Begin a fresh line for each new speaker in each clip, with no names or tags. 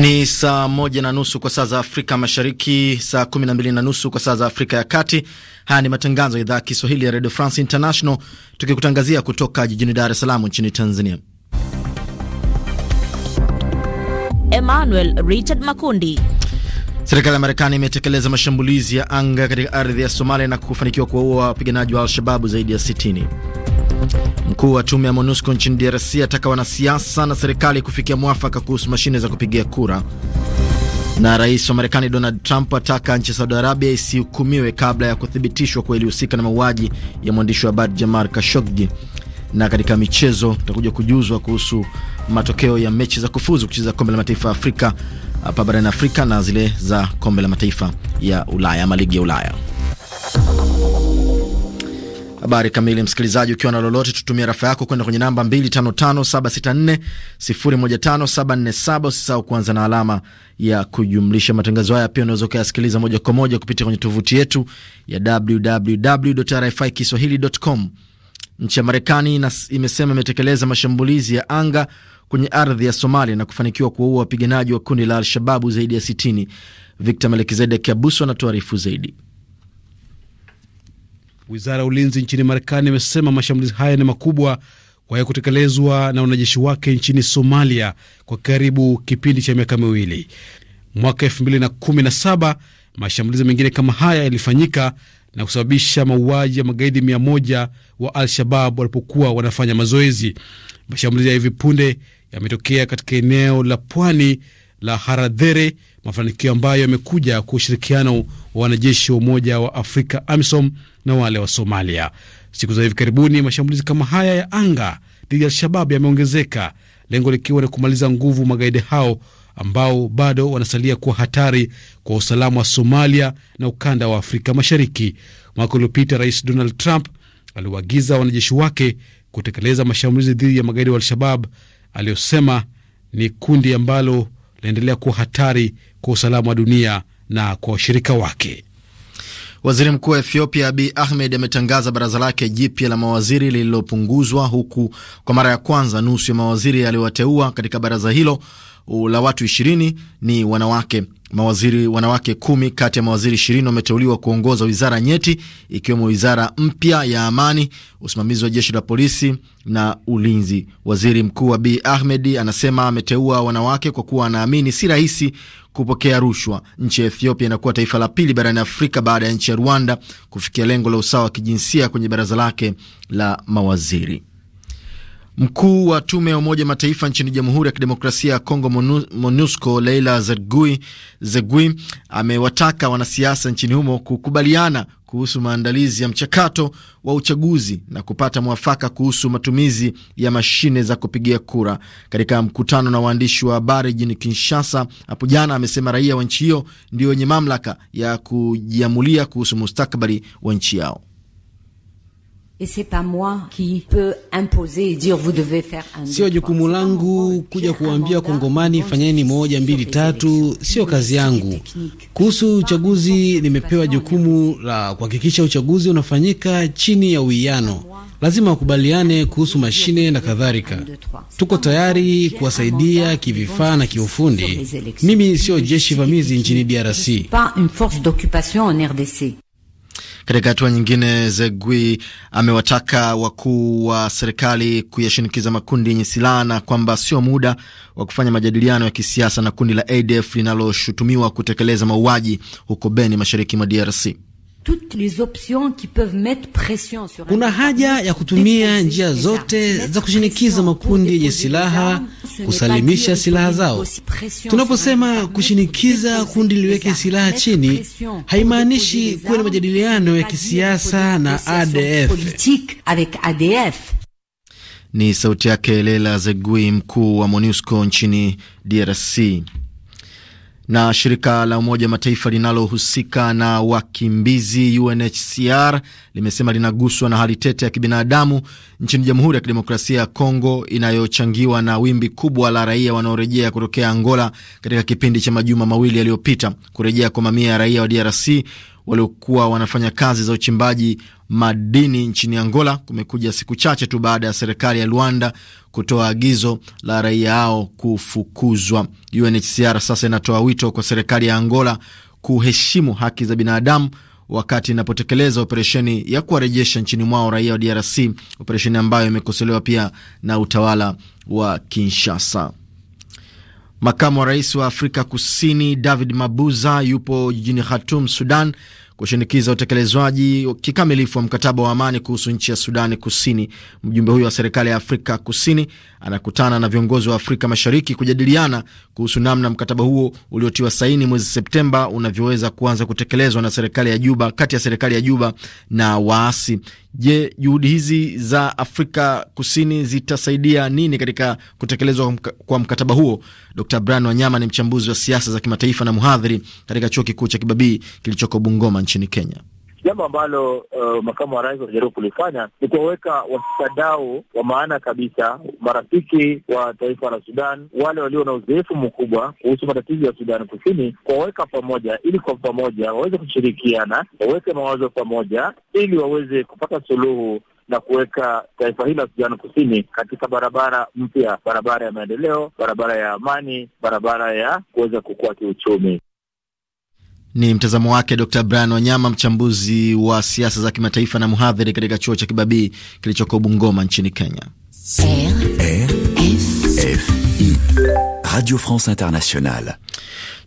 Ni saa moja na nusu kwa saa za Afrika Mashariki, saa kumi na mbili na nusu kwa saa za Afrika ya Kati. Haya ni matangazo ya idhaa ya Kiswahili ya Radio France International, tukikutangazia kutoka jijini Dar es Salaam nchini Tanzania.
Emmanuel Richard
Makundi.
Serikali ya Marekani imetekeleza mashambulizi ya anga katika ardhi ya Somalia na kufanikiwa kuwaua wapiganaji wa Al-Shababu zaidi ya 60. Mkuu wa tume ya MONUSCO nchini DRC ataka wanasiasa na serikali kufikia mwafaka kuhusu mashine za kupigia kura, na rais wa Marekani Donald Trump ataka nchi ya Saudi Arabia isihukumiwe kabla ya kuthibitishwa kuwa ilihusika na mauaji ya mwandishi wa habari Jamal Khashoggi. Na katika michezo tutakuja kujuzwa kuhusu matokeo ya mechi za kufuzu kucheza kombe la mataifa ya Afrika hapa barani Afrika na zile za kombe la mataifa ya Ulaya ama ligi ya Ulaya. Habari kamili, msikilizaji, ukiwa na lolote, tutumia rafa yako kwenda kwenye namba 255764015747. Usisahau kuanza na alama ya kujumlisha. Matangazo haya pia unaweza ukayasikiliza moja kwa moja kupitia kwenye tovuti yetu ya www.rfikiswahili.com. Nchi ya Marekani imesema imetekeleza mashambulizi ya anga kwenye ardhi ya Somalia na kufanikiwa kuwaua wapiganaji wa kundi la Al-Shababu zaidi ya 60. Victor Melkizedek Abuso anatuarifu zaidi.
Wizara ya ulinzi nchini Marekani imesema mashambulizi haya ni makubwa kwa ya kutekelezwa na wanajeshi wake nchini Somalia kwa karibu kipindi cha miaka miwili. Mwaka 2017 mashambulizi mengine kama haya yalifanyika na kusababisha mauaji ya magaidi 100 wa Al-Shabab walipokuwa wanafanya mazoezi. Mashambulizi ya hivi punde yametokea katika eneo la pwani la Haradhere, mafanikio ambayo yamekuja kwa ushirikiano wa wanajeshi wa Umoja wa Afrika AMISOM na wale wa Somalia. Siku za hivi karibuni, mashambulizi kama haya ya anga dhidi ya al yameongezeka, lengo likiwa ni kumaliza nguvu magaidi hao ambao bado wanasalia kuwa hatari kwa usalama wa Somalia na ukanda wa Afrika Mashariki. Mwaka uliopita Rais Donald Trump aliwaagiza wanajeshi wake kutekeleza mashambulizi dhidi ya magaidi wa Al-Shabab aliyosema ni kundi ambalo linaendelea kuwa hatari
kwa usalama wa dunia na kwa washirika wake. Waziri mkuu wa Ethiopia Abiy Ahmed ametangaza baraza lake jipya la mawaziri lililopunguzwa, huku kwa mara ya kwanza nusu ya mawaziri aliyowateua katika baraza hilo la watu ishirini ni wanawake. Mawaziri wanawake kumi kati ya mawaziri ishirini wameteuliwa kuongoza wizara nyeti, ikiwemo wizara mpya ya amani, usimamizi wa jeshi la polisi na ulinzi. Waziri Mkuu Abiy Ahmed anasema ameteua wanawake kwa kuwa anaamini si rahisi kupokea rushwa. Nchi ya Ethiopia inakuwa taifa la pili barani Afrika baada ya nchi ya Rwanda kufikia lengo la usawa wa kijinsia kwenye baraza lake la mawaziri. Mkuu wa tume ya Umoja Mataifa nchini Jamhuri ya Kidemokrasia ya Kongo, MONUSCO, Leila Zegui amewataka wanasiasa nchini humo kukubaliana kuhusu maandalizi ya mchakato wa uchaguzi na kupata mwafaka kuhusu matumizi ya mashine za kupigia kura. Katika mkutano na waandishi wa habari jijini Kinshasa hapo jana, amesema raia wa nchi hiyo ndio wenye mamlaka ya kujiamulia kuhusu mustakabali wa nchi yao.
Et c'est pas moi qui imposer et dire vous devez faire un.
Sio jukumu langu kuja kuambia kongomani fanyeni moja mbili tatu, sio kazi yangu. Kuhusu uchaguzi, nimepewa jukumu la kuhakikisha uchaguzi unafanyika chini ya uwiano, lazima wakubaliane kuhusu mashine na kadhalika. Tuko tayari kuwasaidia kivifaa na kiufundi. Mimi sio
jeshi vamizi nchini DRC. Katika hatua nyingine, Zegui amewataka wakuu wa serikali kuyashinikiza makundi yenye silaha na kwamba sio muda wa kufanya majadiliano ya kisiasa na kundi la ADF linaloshutumiwa kutekeleza mauaji huko Beni, mashariki mwa DRC.
Kuna haja ya kutumia njia zote za kushinikiza makundi yenye silaha kusalimisha silaha zao. Tunaposema kushinikiza kundi liweke silaha chini, haimaanishi kuwe na majadiliano ya kisiasa na ADF.
Ni sauti yake Lela Zegui, mkuu wa MONUSCO nchini DRC. Na shirika la Umoja wa Mataifa linalohusika na wakimbizi UNHCR limesema linaguswa na hali tete ya kibinadamu nchini Jamhuri ya Kidemokrasia ya Kongo inayochangiwa na wimbi kubwa la raia wanaorejea kutokea Angola katika kipindi cha majuma mawili yaliyopita. Kurejea kwa mamia ya raia wa DRC waliokuwa wanafanya kazi za uchimbaji madini nchini Angola kumekuja siku chache tu baada ya serikali ya Luanda kutoa agizo la raia hao kufukuzwa. UNHCR sasa inatoa wito kwa serikali ya Angola kuheshimu haki za binadamu wakati inapotekeleza operesheni ya kuwarejesha nchini mwao raia wa DRC, operesheni ambayo imekosolewa pia na utawala wa Kinshasa. Makamu wa rais wa Afrika Kusini David Mabuza yupo jijini Khartoum, Sudan, kushinikiza utekelezwaji kikamilifu wa mkataba wa amani kuhusu nchi ya Sudani Kusini. Mjumbe huyo wa serikali ya Afrika Kusini anakutana na viongozi wa Afrika Mashariki kujadiliana kuhusu namna mkataba huo uliotiwa saini mwezi Septemba unavyoweza kuanza kutekelezwa na serikali ya Juba, kati ya serikali ya Juba na waasi. Je, juhudi hizi za Afrika Kusini zitasaidia nini katika kutekelezwa kwa mkataba huo? Dr Brian Wanyama ni mchambuzi wa siasa za kimataifa na mhadhiri katika chuo kikuu cha Kibabii kilichoko Bungoma nchini Kenya.
Jambo ambalo uh, makamu wa rais wanajaribu kulifanya ni kuwaweka washikadau wa maana kabisa, marafiki wa taifa la Sudan, wale walio na uzoefu mkubwa kuhusu matatizo ya Sudan Kusini, kuwaweka pamoja ili kwa pamoja waweze kushirikiana, waweke mawazo pamoja ili waweze kupata suluhu na kuweka taifa hili la Sudani Kusini katika barabara mpya, barabara ya maendeleo, barabara ya amani, barabara ya kuweza kukua kiuchumi.
Ni mtazamo wake Dr Brian Wanyama, mchambuzi wa siasa za kimataifa na mhadhiri katika chuo cha Kibabii kilichoko Bungoma nchini Kenya. Radio France Internationale.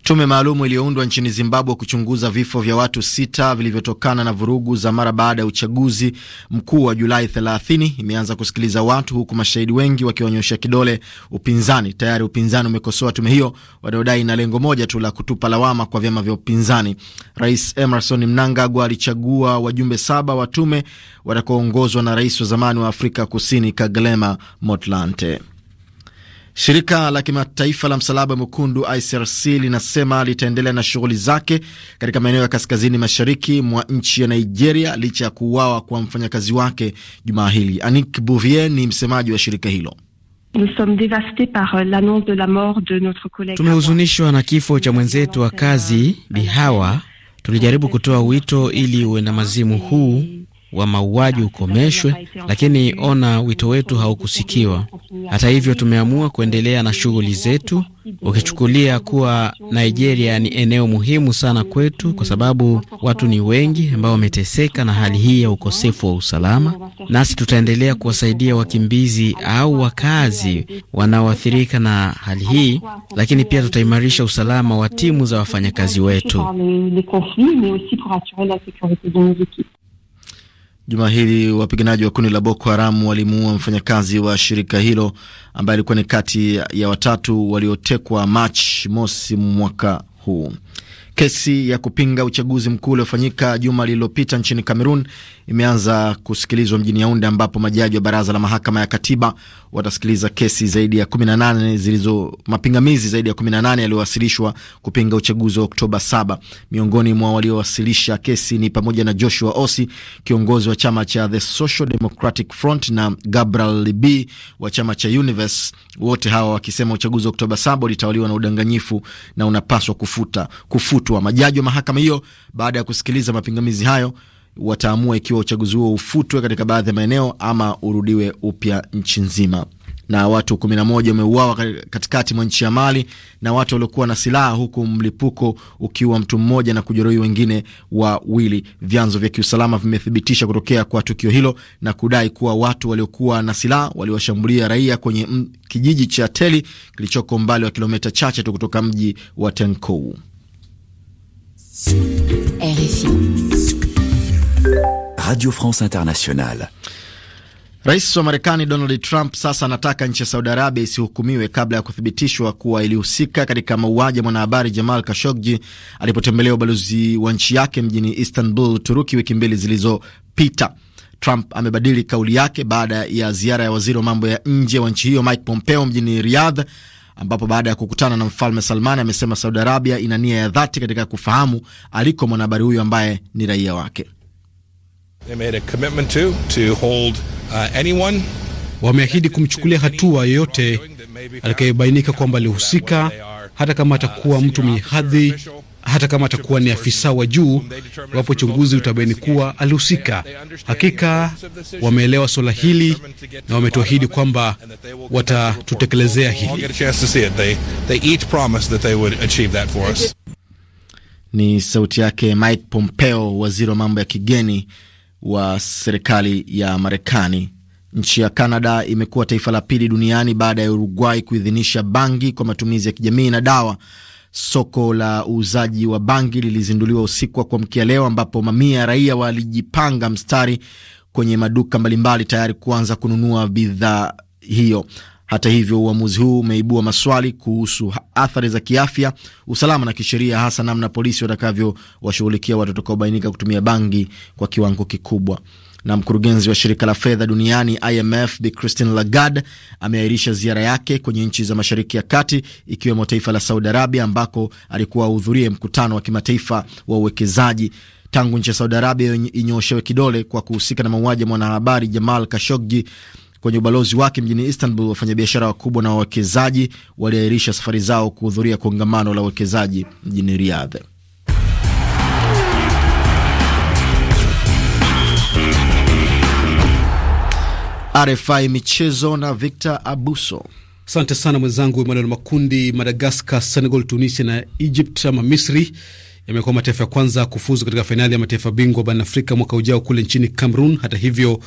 Tume maalum iliyoundwa nchini Zimbabwe kuchunguza vifo vya watu sita vilivyotokana na vurugu za mara baada ya uchaguzi mkuu wa Julai 30 imeanza kusikiliza watu, huku mashahidi wengi wakionyesha kidole upinzani. Tayari upinzani umekosoa tume hiyo, wanaodai ina lengo moja tu la kutupa lawama kwa vyama vya upinzani. Rais Emerson Mnangagwa alichagua wajumbe saba wa tume watakaoongozwa na rais wa zamani wa Afrika Kusini Kgalema Motlante. Shirika la kimataifa la msalaba mwekundu ICRC linasema litaendelea na shughuli zake katika maeneo ya kaskazini mashariki mwa nchi ya Nigeria licha ya kuuawa kwa mfanyakazi wake jumaa hili. Anik Bouvier ni msemaji wa shirika hilo.
Euh,
Tumehuzunishwa na kifo cha
mwenzetu wa kazi Bihawa. Tulijaribu kutoa wito ili uendamazimu huu wa mauaji ukomeshwe, lakini ona, wito wetu haukusikiwa. Hata hivyo, tumeamua kuendelea na shughuli zetu, ukichukulia kuwa Nigeria ni eneo muhimu sana kwetu, kwa sababu watu ni wengi ambao wameteseka na hali hii ya ukosefu wa usalama, nasi tutaendelea kuwasaidia wakimbizi au wakazi wanaoathirika na hali hii, lakini pia tutaimarisha usalama wa
timu za wafanyakazi wetu. Juma hili wapiganaji wa kundi la Boko Haram walimuua mfanyakazi wa shirika hilo ambaye alikuwa ni kati ya watatu waliotekwa Machi mosi mwaka huu. Kesi ya kupinga uchaguzi mkuu uliofanyika juma lililopita nchini Kamerun imeanza kusikilizwa mjini Yaunde, ambapo majaji wa baraza la mahakama ya katiba watasikiliza kesi zaidi ya 18 zilizo mapingamizi zaidi ya 18 yaliyowasilishwa kupinga uchaguzi wa Oktoba 7. Miongoni mwa waliowasilisha kesi ni pamoja na Joshua Osi, kiongozi wa chama cha The Social Democratic Front na Gabriel Libi wa chama cha Universe, wote hawa wakisema uchaguzi wa Oktoba 7 ulitawaliwa na udanganyifu na unapaswa kufuta kufuta kufutwa. Majaji wa mahakama hiyo, baada ya kusikiliza mapingamizi hayo, wataamua ikiwa uchaguzi huo ufutwe katika baadhi ya maeneo ama urudiwe upya nchi nzima. Na watu 11 wameuawa katikati mwa nchi ya Mali na watu waliokuwa na silaha, huku mlipuko ukiwa mtu mmoja na kujeruhi wengine wawili. Vyanzo vya kiusalama vimethibitisha kutokea kwa tukio hilo na kudai kuwa watu waliokuwa na silaha waliwashambulia raia kwenye kijiji cha Teli kilichoko umbali wa kilomita chache tu kutoka mji wa Tenkou. RFI. Radio France Internationale. Rais wa Marekani Donald Trump sasa anataka nchi ya Saudi Arabia isihukumiwe kabla ya kuthibitishwa kuwa ilihusika katika mauaji ya mwanahabari Jamal Khashoggi alipotembelea ubalozi wa nchi yake mjini Istanbul, Turuki, wiki mbili zilizopita. Trump amebadili kauli yake baada ya ziara ya waziri wa mambo ya nje wa nchi hiyo Mike Pompeo mjini Riyadh ambapo baada ya kukutana na mfalme salmani amesema Saudi Arabia ina nia ya dhati katika kufahamu aliko mwanahabari huyo ambaye ni raia wake.
Uh, wameahidi kumchukulia
hatua yoyote atakayebainika kwamba alihusika, hata kama atakuwa mtu mwenye hadhi hata kama atakuwa ni afisa wa juu, iwapo uchunguzi utabaini kuwa alihusika. Hakika wameelewa swala hili na wametuahidi kwamba
watatutekelezea hili.
Ni sauti yake Mike Pompeo, waziri wa mambo ya kigeni wa serikali ya Marekani. Nchi ya Kanada imekuwa taifa la pili duniani baada ya Uruguay kuidhinisha bangi kwa matumizi ya kijamii na dawa Soko la uuzaji wa bangi lilizinduliwa usiku wa kuamkia leo, ambapo mamia ya raia walijipanga mstari kwenye maduka mbalimbali tayari kuanza kununua bidhaa hiyo. Hata hivyo, uamuzi huu umeibua maswali kuhusu athari za kiafya, usalama na kisheria, hasa namna polisi watakavyowashughulikia watu watakaobainika kutumia bangi kwa kiwango kikubwa. Na mkurugenzi wa shirika la fedha duniani IMF Bi Christine Lagarde ameahirisha ziara yake kwenye nchi za Mashariki ya Kati, ikiwemo taifa la Saudi Arabia ambako alikuwa ahudhurie mkutano wa kimataifa wa uwekezaji tangu nchi ya Saudi Arabia inyooshewe kidole kwa kuhusika na mauaji ya mwanahabari Jamal Khashoggi kwenye ubalozi wake mjini Istanbul, wafanyabiashara wakubwa na wawekezaji waliahirisha safari zao kuhudhuria kongamano la uwekezaji mjini Riyadh. RFI Michezo na Victor
Abuso. Asante sana mwenzangu Emanuel Makundi. Madagaskar, Senegal, Tunisia na Egypt ama Misri yamekuwa mataifa ya kwanza kufuzu katika fainali ya mataifa bingwa barani Afrika mwaka ujao kule nchini Cameroon. Hata hivyo,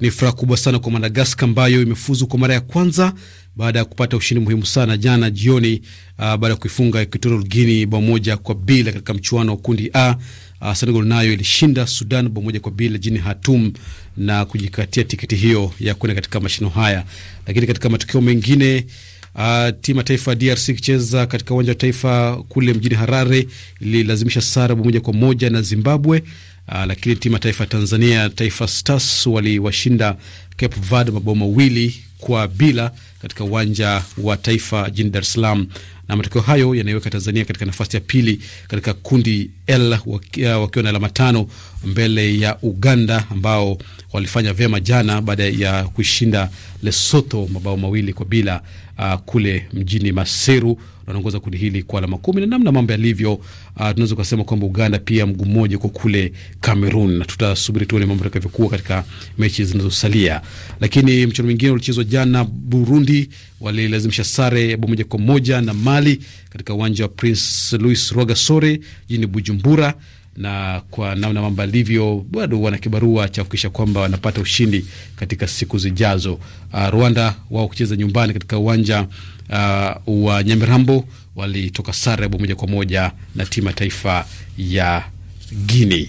ni furaha kubwa sana kwa Madagaskar ambayo imefuzu kwa mara ya kwanza baada ya kupata ushindi muhimu sana jana jioni, uh, baada ya kuifunga Equatorial Guinea bao moja kwa bila katika mchuano wa kundi A Uh, Senegal nayo ilishinda Sudan bao moja kwa bila jini Hatum na kujikatia tiketi hiyo ya kwenda katika mashindano haya. Lakini katika matukio mengine Uh, timu ya taifa DRC ikicheza katika uwanja wa taifa kule mjini Harare ililazimisha sare bao moja kwa moja na Zimbabwe. Uh, lakini timu ya taifa Tanzania Taifa Stars waliwashinda Cape Verde mabao mawili kwa bila katika uwanja wa taifa jijini Dar es Salaam, na matokeo hayo yanaiweka Tanzania katika nafasi ya pili katika kundi L uh, wakiwa na alama tano mbele ya Uganda ambao walifanya vyema jana baada ya kuishinda Lesotho mabao mawili kwa bila uh, kule mjini Maseru wanaongoza kundi hili kwa alama kumi na namna mambo yalivyo, uh, tunaweza kusema kwamba Uganda pia mguu mmoja uko kule Cameroon, na tutasubiri tuone mambo yatakavyokuwa katika mechi zinazosalia. Lakini mchezo mwingine ulichezwa jana, Burundi walilazimisha sare ya bao moja kwa moja na Mali katika uwanja wa Prince Louis Rwagasore jijini Bujumbura. Bujumbura, na kwa namna mambo alivyo, bado wana kibarua cha kuhakikisha kwamba wanapata ushindi katika siku zijazo. Uh, Rwanda wao kucheza nyumbani katika uwanja uh, wa Nyamirambo walitoka sare bao moja kwa moja na timu ya taifa ya Guinea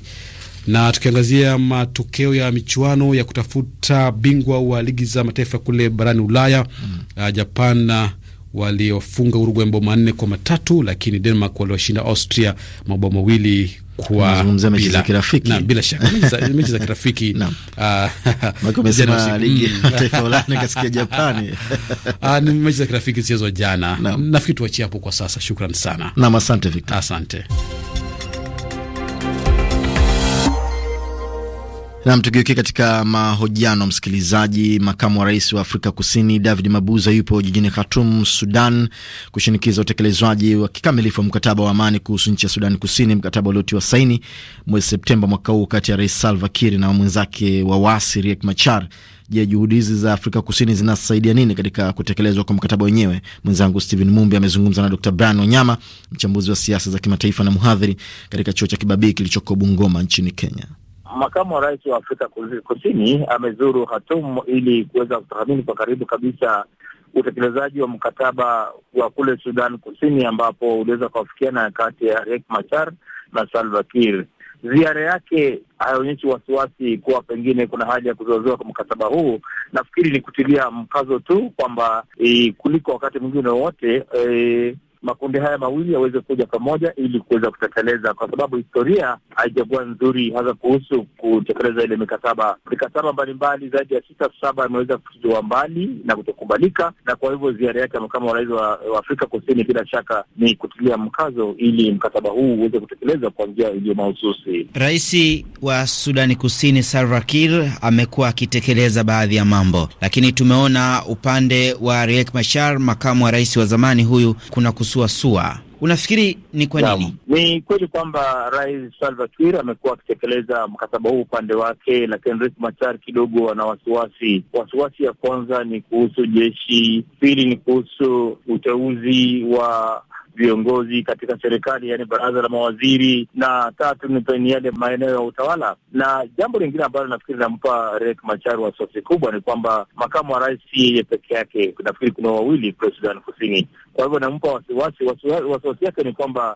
na tukiangazia matokeo ya michuano ya kutafuta bingwa wa ligi za mataifa kule barani Ulaya, mm. Japan waliofunga Uruguay mabao manne kwa matatu, lakini Denmark waliwashinda Austria mabao mawili kwa mechi za kirafiki na bila shaka mechi za kirafiki ah, mm. ah, ni mechi za kirafiki zichezwa jana. Nafikiri tuachie hapo kwa sasa. Shukran sana
nam, asante Victor, asante. Nam, tugeukie katika mahojiano. Msikilizaji, makamu wa rais wa Afrika Kusini David Mabuza yupo jijini Khartoum, Sudan, kushinikiza utekelezwaji wa kikamilifu wa mkataba wa amani kuhusu nchi ya Sudan Kusini, mkataba uliotiwa saini mwezi Septemba mwaka huu kati ya Rais Salva Kiir na mwenzake wa waasi Riek Machar. Je, juhudi hizi za Afrika Kusini zinasaidia nini katika kutekelezwa kwa mkataba wenyewe? Mwenzangu Stephen Mumbi amezungumza na Dr Brian Wanyama, mchambuzi wa siasa za kimataifa na mhadhiri katika chuo cha Kibabii kilichoko Bungoma nchini Kenya.
Makamu wa rais wa Afrika Kusini amezuru Khartoum ili kuweza kutathmini kwa karibu kabisa utekelezaji wa mkataba wa kule Sudan Kusini, ambapo uliweza kuafikiana kati ya Riek Machar na Salva Kiir. Ziara yake haionyeshi wasiwasi kuwa pengine kuna haja ya kuzoazoa kwa mkataba huu. Nafikiri ni kutilia mkazo tu kwamba e, kuliko wakati mwingine wowote e, makundi haya mawili yaweze kuja pamoja ili kuweza kutekeleza, kwa sababu historia haijakuwa nzuri, hasa kuhusu kutekeleza ile mikataba. Mikataba mbalimbali zaidi ya sita saba imeweza kutiliwa mbali na kutokubalika, na kwa hivyo ziara yake ya makamu wa rais wa Afrika Kusini bila shaka ni kutilia mkazo ili mkataba huu uweze kutekelezwa kwa njia iliyo mahususi.
Rais wa Sudani Kusini Salva Kiir amekuwa akitekeleza baadhi ya mambo, lakini tumeona upande wa Riek Machar, makamu wa rais wa zamani huyu, kuna kus kusuasua. Unafikiri ni kwa nini?
Ni kweli kwamba Rais Salva Kiir amekuwa akitekeleza mkataba huu upande wake, lakini Riek Machar kidogo ana wasiwasi. Wasiwasi ya kwanza ni kuhusu jeshi, pili ni kuhusu uteuzi wa viongozi katika serikali, yani baraza la mawaziri, na tatu ni yale maeneo ya utawala. Na jambo lingine ambalo nafikiri linampa Riek Machar wasiwasi kubwa ni kwamba makamu wa rais si yeye peke yake, nafikiri kuna wawili kule Sudani Kusini. Kwa hivyo nampa wasiwasi, wasiwasi yake ni kwamba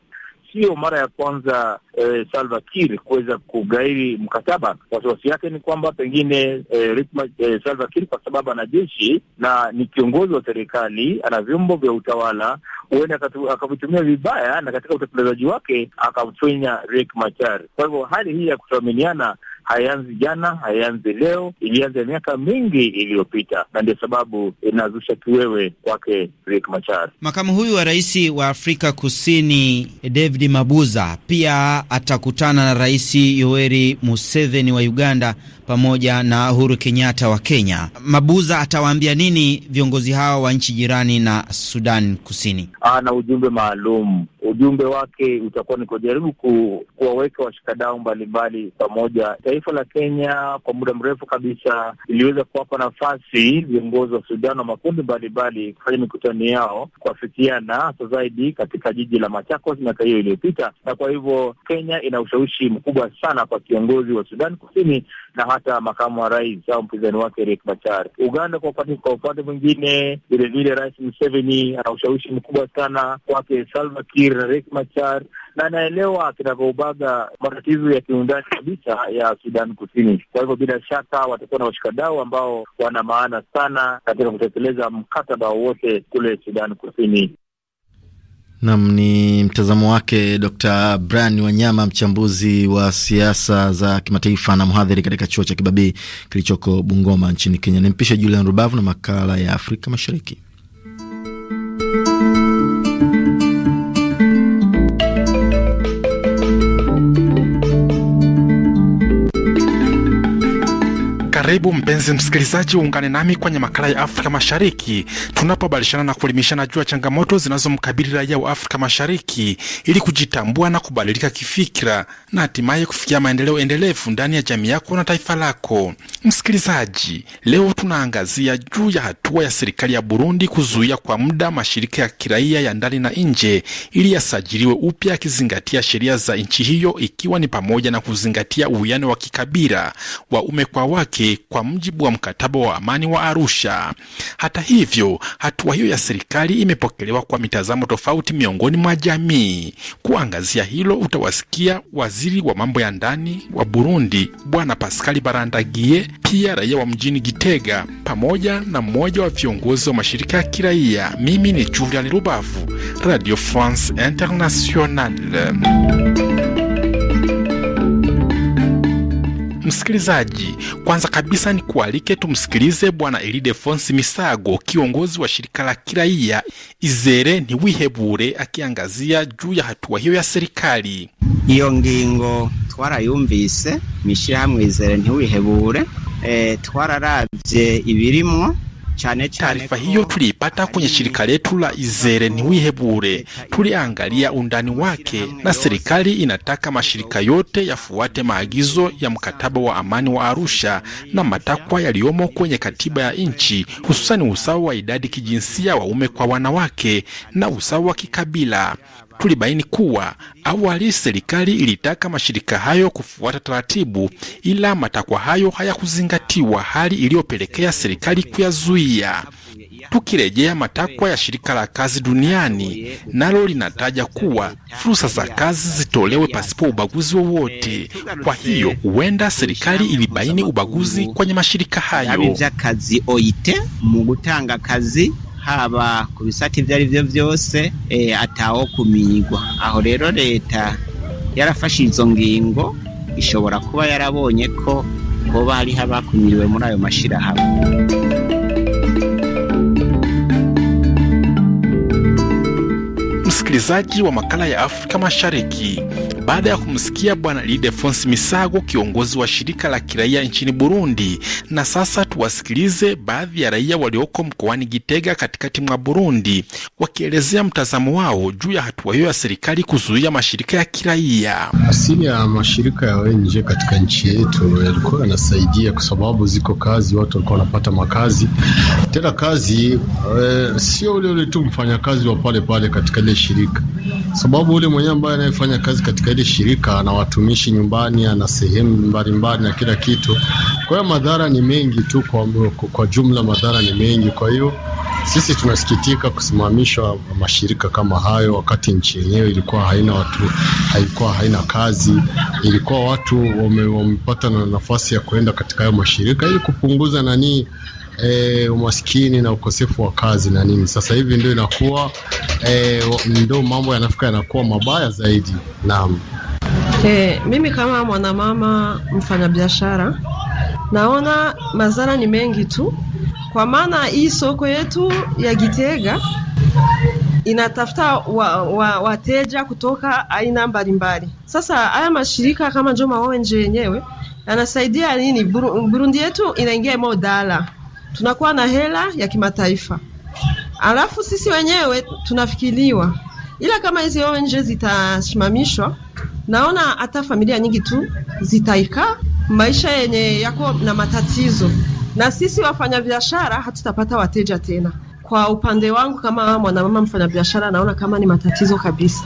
sio mara ya kwanza e, Salva Kiir kuweza kugairi mkataba. Wasiwasi yake ni kwamba pengine e, eh, Ritma, e, eh, Salva Kiir kwa sababu ana jeshi na ni kiongozi wa serikali, ana vyombo vya utawala, huenda akavitumia vibaya na katika utekelezaji wake akamfinya Riek Machar. Kwa hivyo hali hii ya kutoaminiana haianzi jana, haianzi leo, ilianza miaka mingi iliyopita, na ndio sababu inazusha kiwewe kwake Riek Machar.
Makamu huyu wa rais wa Afrika Kusini David
Mabuza pia atakutana na Rais Yoweri Museveni wa Uganda pamoja na Uhuru Kenyatta wa Kenya. Mabuza atawaambia nini viongozi hao wa nchi jirani na Sudan Kusini?
Ana ujumbe maalum ujumbe wake utakuwa ni kujaribu kuwaweka washikadau mbalimbali pamoja. Taifa la Kenya kwa muda mrefu kabisa iliweza kuwapa nafasi viongozi wa Sudan wa makundi mbalimbali kufanya mikutano yao kuafikiana, hasa zaidi katika jiji la Machakos miaka hiyo iliyopita, na kwa hivyo Kenya ina ushawishi mkubwa sana kwa kiongozi wa Sudan Kusini na hata makamu wa rais au mpinzani wake Riek Machar. Uganda kwa upande kwa upande mwingine, vilevile Rais Museveni ana ushawishi mkubwa sana kwake Salva Kiir na Riek Machar, na anaelewa kinavyoubaga matatizo ya kiundani kabisa ya Sudan Kusini. Kwa hivyo, bila shaka watakuwa na washikadau ambao wana maana sana katika kutekeleza mkataba wowote kule Sudan Kusini.
Nam ni mtazamo wake Dr Brian Wanyama, mchambuzi wa siasa za kimataifa na mhadhiri katika chuo cha Kibabii kilichoko Bungoma nchini Kenya. mpisha Julian Rubavu na makala ya Afrika Mashariki.
Karibu mpenzi msikilizaji, uungane nami kwenye makala ya Afrika Mashariki tunapobadilishana na kuelimishana juu ya changamoto zinazomkabili raia wa Afrika Mashariki ili kujitambua na kubadilika kifikira na hatimaye kufikia maendeleo endelevu ndani ya jamii yako na taifa lako. Msikilizaji, leo tunaangazia juu ya hatua ya serikali ya Burundi kuzuia kwa muda mashirika ya kiraia ya ndani na nje ili yasajiliwe upya yakizingatia sheria za nchi hiyo, ikiwa ni pamoja na kuzingatia uwiano wa kikabila ume kwa wake kwa mujibu wa mkataba wa amani wa Arusha. Hata hivyo, hatua hiyo ya serikali imepokelewa kwa mitazamo tofauti miongoni mwa jamii. Kuangazia hilo, utawasikia waziri wa mambo ya ndani wa Burundi Bwana Pascal Barandagie, pia raia wa mjini Gitega pamoja na mmoja wa viongozi wa mashirika ya kiraia. Mimi ni Julian Rubavu, Radio France Internationale. Msikilizaji, kwanza kabisa ni kualike tumsikilize Bwana Ildefonsi Misago, kiongozi wa shirika la kiraia Izere ni wihebure, akiangazia juu ya hatua hiyo ya serikali. Iyo ngingo twarayumvise mishirahamwe Izere ntiwihebure, e, eh, twararavye ibirimwo Taarifa hiyo tuliipata kwenye shirika letu la Izere Niwihebure. Tuliangalia undani wake, na serikali inataka mashirika yote yafuate maagizo ya mkataba wa amani wa Arusha na matakwa yaliyomo kwenye katiba ya nchi, hususani usawa wa idadi kijinsia, waume kwa wanawake, na usawa wa kikabila tulibaini kuwa awali serikali ilitaka mashirika hayo kufuata taratibu, ila matakwa hayo hayakuzingatiwa, hali iliyopelekea serikali kuyazuia. Tukirejea matakwa ya shirika la kazi duniani, nalo linataja kuwa fursa za kazi zitolewe pasipo ubaguzi wowote. Kwa hiyo huenda serikali ilibaini ubaguzi kwenye mashirika hayo.
haba ku bisate ibyo ari byo byose eh, atawo kumigwa aho rero leta yarafashe izo ngingo ishobora kuba yarabonye ko hoba
hariho abakumiriwe muri ayo mashyirahamwe Msikilizaji wa makala ya Afrika Mashariki, baada ya kumsikia Bwana Ildefonsi Misago, kiongozi wa shirika la kiraia nchini Burundi. Na sasa tuwasikilize baadhi ya raia walioko mkoani Gitega, katikati mwa Burundi, wakielezea mtazamo wao juu ya hatua hiyo ya serikali kuzuia mashirika ya kiraia.
Asili ya mashirika ya ONG katika nchi yetu yalikuwa yanasaidia kwa sababu ziko kazi, watu walikuwa wanapata makazi, tena kazi e, sio ule ule tu mfanyakazi wa pale pale katika ile shirika, sababu ule mwenyewe ambaye anayefanya kazi katika hili shirika na watumishi nyumbani, ana sehemu mbalimbali na kila kitu. Kwa hiyo madhara ni mengi tu kwa, kwa jumla madhara ni mengi. Kwa hiyo sisi tunasikitika kusimamishwa mashirika kama hayo, wakati nchi yenyewe ilikuwa haina watu, haikuwa haina kazi, ilikuwa watu wamepata na nafasi ya kuenda katika hayo mashirika ili kupunguza nani e, eh, umaskini na ukosefu wa kazi na nini. Sasa hivi ndio inakuwa e, ndio mambo yanafika yanakuwa mabaya zaidi.
Naam.
E, mimi kama mwanamama mfanyabiashara naona madhara ni mengi tu, kwa maana hii soko yetu ya Gitega inatafuta wa, wa, wateja kutoka aina mbalimbali. Sasa haya mashirika kama Joma Owenje yenyewe yanasaidia nini? Burundi yetu inaingia dala tunakuwa na hela ya kimataifa, alafu sisi wenyewe tunafikiriwa. Ila kama hizi ONG zitasimamishwa, naona hata familia nyingi tu zitaikaa maisha yenye yako na matatizo, na sisi wafanyabiashara hatutapata wateja tena. Kwa upande wangu kama mwanamama mfanyabiashara, naona kama ni matatizo kabisa.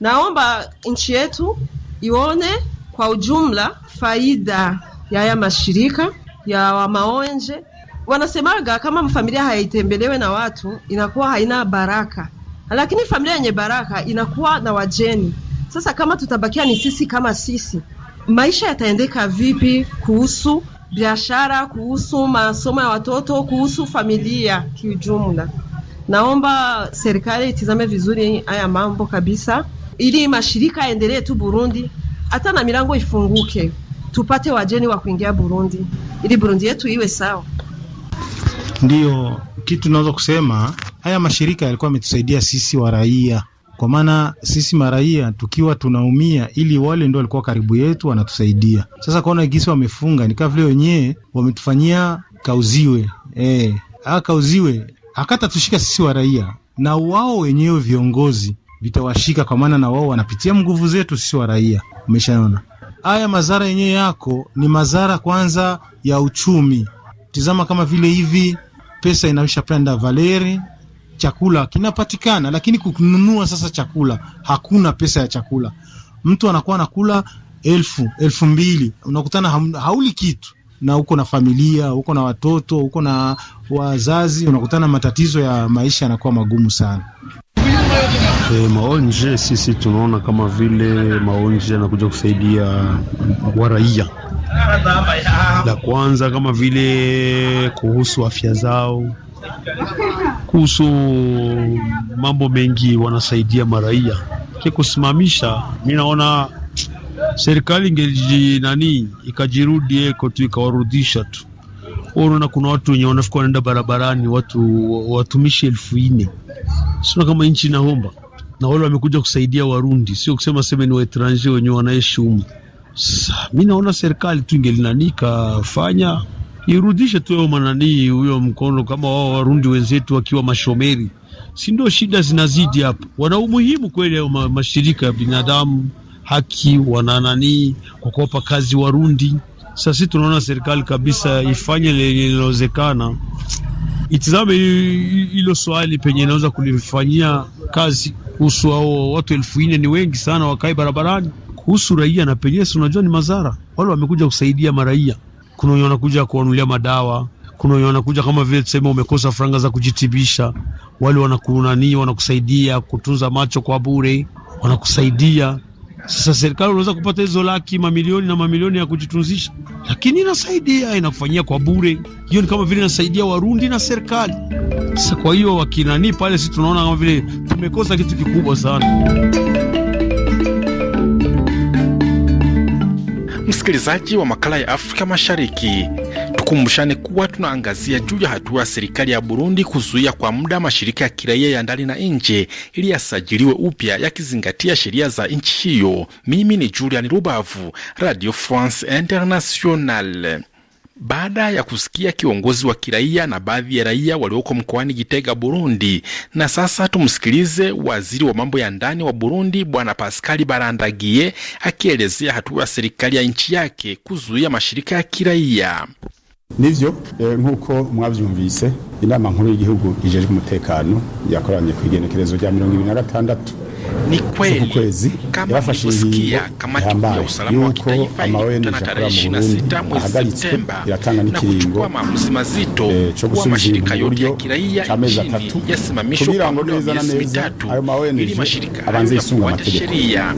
Naomba nchi yetu ione kwa ujumla faida ya haya mashirika ya wamaonje wanasemaga kama familia haitembelewe na watu inakuwa haina baraka, lakini familia yenye baraka inakuwa na wajeni. Sasa kama tutabakia ni sisi kama sisi, maisha yataendeka vipi kuhusu biashara, kuhusu masomo ya watoto, kuhusu familia kiujumla? Naomba serikali itizame vizuri haya mambo kabisa, ili mashirika yaendelee tu Burundi, hata na milango ifunguke, tupate wajeni wa kuingia Burundi, ili Burundi yetu iwe sawa.
Ndiyo kitu tunaweza kusema, haya mashirika yalikuwa yametusaidia sisi wa raia, kwa maana sisi maraia tukiwa tunaumia, ili wale ndio walikuwa karibu yetu wanatusaidia. Sasa kaona gisi wamefunga, ni kama vile wenyewe wametufanyia kauziwe, eh, aka kauziwe akata tushika sisi wa raia, na wao wenyewe viongozi vitawashika, kwa maana na wao wanapitia nguvu zetu sisi wa raia. Umeshaona haya madhara yenyewe yako ni madhara kwanza ya uchumi. Tizama kama vile hivi pesa inayoshapanda valeri, chakula kinapatikana, lakini kununua sasa chakula hakuna pesa ya chakula. Mtu anakuwa anakula elfu elfu mbili unakutana hauli kitu, na uko na familia, uko na watoto, uko na wazazi, unakutana matatizo ya maisha yanakuwa magumu sana.
E, maonje sisi tunaona kama vile maonje yanakuja kusaidia waraia la kwanza kama vile kuhusu afya zao, kuhusu mambo mengi wanasaidia maraia kikusimamisha kusimamisha. Mi naona serikali ingeji nani ikajirudi eko tu ikawarudisha tu. Unaona kuna watu wenye wanafika wanaenda barabarani, watu watumishi elfu ine sina kama nchi inaomba, na wale wamekuja kusaidia Warundi, sio kusema seme ni waetranger wenye wanaishi humu Mi naona serikali tu ingelinani kafanya irudishe tu mananii huyo mkono, kama wao Warundi wenzetu wakiwa mashomeri, si ndio? Shida zinazidi hapa. Wana umuhimu kweli ma mashirika ya binadamu haki wanananii kwa kuwapa kazi Warundi. Sasa sisi tunaona serikali kabisa ifanye linalowezekana, itizame hilo swali penye inaweza kulifanyia kazi kuhusu hao watu elfu nne ni wengi sana, wakae barabarani kuhusu raia na penyewe, unajua ni madhara. Wale wamekuja kusaidia maraia, kuna wenye wanakuja kuwanulia madawa, kuna wenye wanakuja kama vile tuseme umekosa faranga za kujitibisha, wale wanakunani, wanakusaidia kutunza macho kwa bure, wanakusaidia sasa serikali unaweza kupata hizo laki mamilioni na mamilioni ya kujitunzisha, lakini inasaidia inakufanyia kwa bure. Hiyo ni kama vile inasaidia Warundi na serikali. Sasa kwa hiyo wakinani pale, si tunaona kama vile tumekosa kitu kikubwa sana.
Msikilizaji wa makala ya Afrika Mashariki, tukumbushane kuwa tunaangazia juu ya hatua ya serikali ya Burundi kuzuia kwa muda mashirika ya kiraia ya ndani na nje ili yasajiliwe upya yakizingatia sheria za nchi hiyo. Mimi ni Julian Rubavu, Radio France Internationale baada ya kusikia kiongozi wa kiraia na baadhi ya raia walioko mkoani Gitega, Burundi. Na sasa tumsikilize waziri wa mambo ya ndani wa Burundi, Bwana Paskali Barandagiye, akielezea hatua ya serikali ya nchi yake kuzuia mashirika ya kiraia. Nivyo eh, nkuko mwavyumvise inama nkuru y'igihugu ijejwe umutekano yakoranye ku igenekerezo rya mirongo ibiri na gatandatu ni kweli kama nilivosikia kamati ya usalama wa kitaifa ilikutana tarehe 26 mwezi Septemba na kuchukua mamuzi mazito e, eh, kuwa mashirika yote ya kiraia nchini yasimamishwa kwa muda wa miezi mitatu ili mashirika hayo yafuate sheria.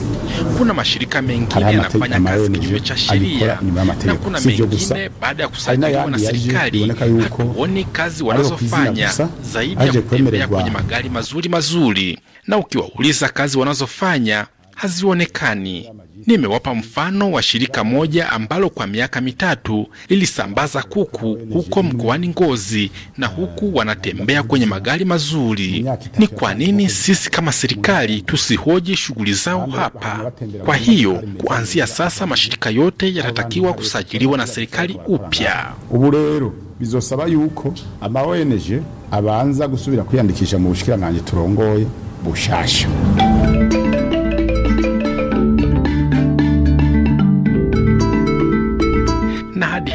Kuna mashirika mengine yanafanya kazi kinyume cha sheria na kuna mengine baada ya kusajiliwa na serikali hatuoni kazi wanazofanya zaidi ya kutembea kwenye magari mazuri mazuri, na ukiwauliza kazi wanazofanya hazionekani. Nimewapa mfano wa shirika moja ambalo kwa miaka mitatu lilisambaza kuku huko mkoani Ngozi, na huku wanatembea kwenye magari mazuri. Ni kwa nini sisi kama serikali tusihoji shughuli zao hapa? Kwa hiyo kuanzia sasa mashirika yote yatatakiwa kusajiliwa na serikali upya. ubu rero bizosaba yuko ama ONG abanza gusubira kwiyandikisha mu bushikiranganji turongoye Bochacha.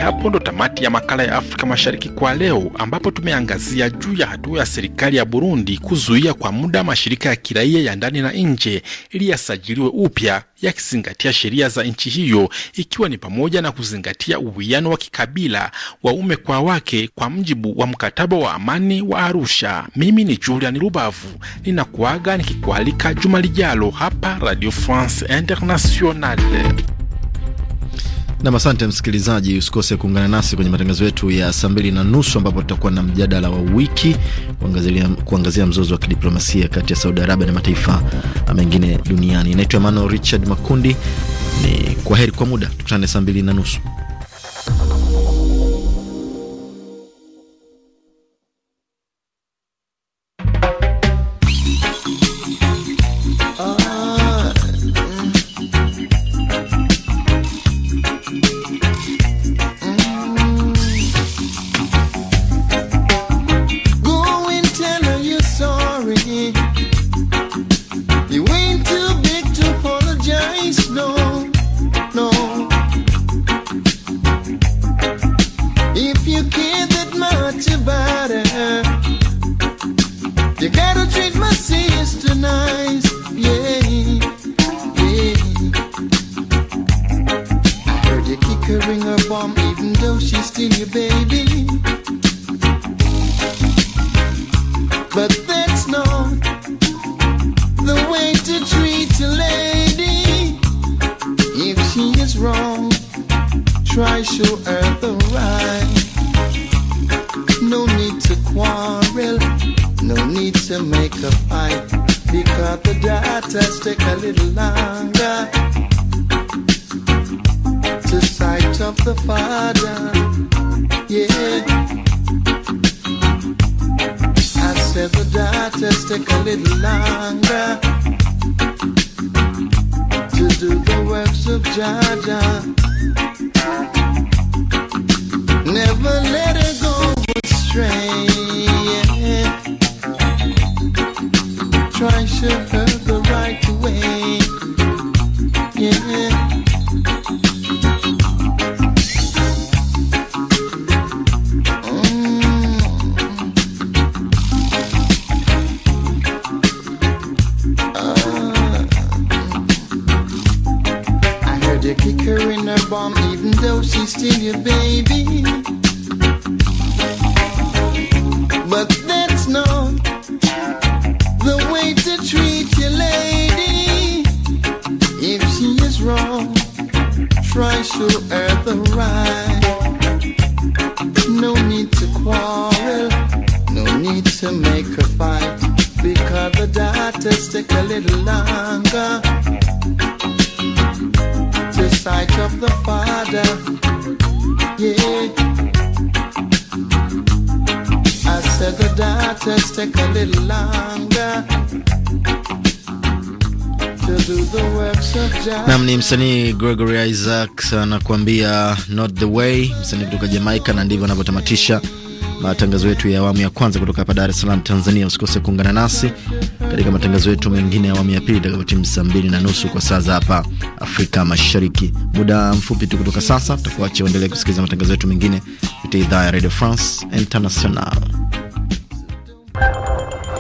hapo ndo tamati ya makala ya Afrika Mashariki kwa leo, ambapo tumeangazia juu ya hatua ya serikali ya Burundi kuzuia kwa muda mashirika ya kiraia ya ndani na nje ili yasajiliwe upya yakizingatia sheria za nchi hiyo, ikiwa ni pamoja na kuzingatia uwiano wa kikabila wa ume kwa wake kwa mjibu wa mkataba wa amani wa Arusha. Mimi ni Julian Rubavu ninakuaga nikikualika juma lijalo hapa Radio France Internationale.
Nam, asante msikilizaji, usikose kuungana nasi kwenye matangazo yetu ya saa mbili na nusu ambapo tutakuwa na mjadala wa wiki kuangazia, mzozo wa kidiplomasia kati ya Saudi Arabia na mataifa mengine duniani. inaitwa Emmanuel Richard Makundi, ni kwa heri kwa muda, tukutane saa mbili na nusu.
the Father. Yeah. I said the daughters take a little longer to do the works of Jaja. Never let her go astray. Yeah. Try to hurt special at the right. No need to quarrel, no need to make a fight. Because the doctors take a little longer to sight of the father. Yeah. I said the doctors take a little longer Nam
ni msanii Gregory Isaac anakuambia not the way, msanii kutoka Jamaica, na ndivyo anavyotamatisha matangazo yetu ya awamu ya kwanza kutoka hapa Dar es Salaam, Tanzania. Usikose kuungana nasi katika matangazo yetu mengine ya awamu ya pili itakapotimu saa mbili na nusu kwa saa za hapa Afrika Mashariki. Muda mfupi tu kutoka sasa, tutakuacha uendelee kusikiliza matangazo yetu mengine
kupitia idhaa ya Radio France International.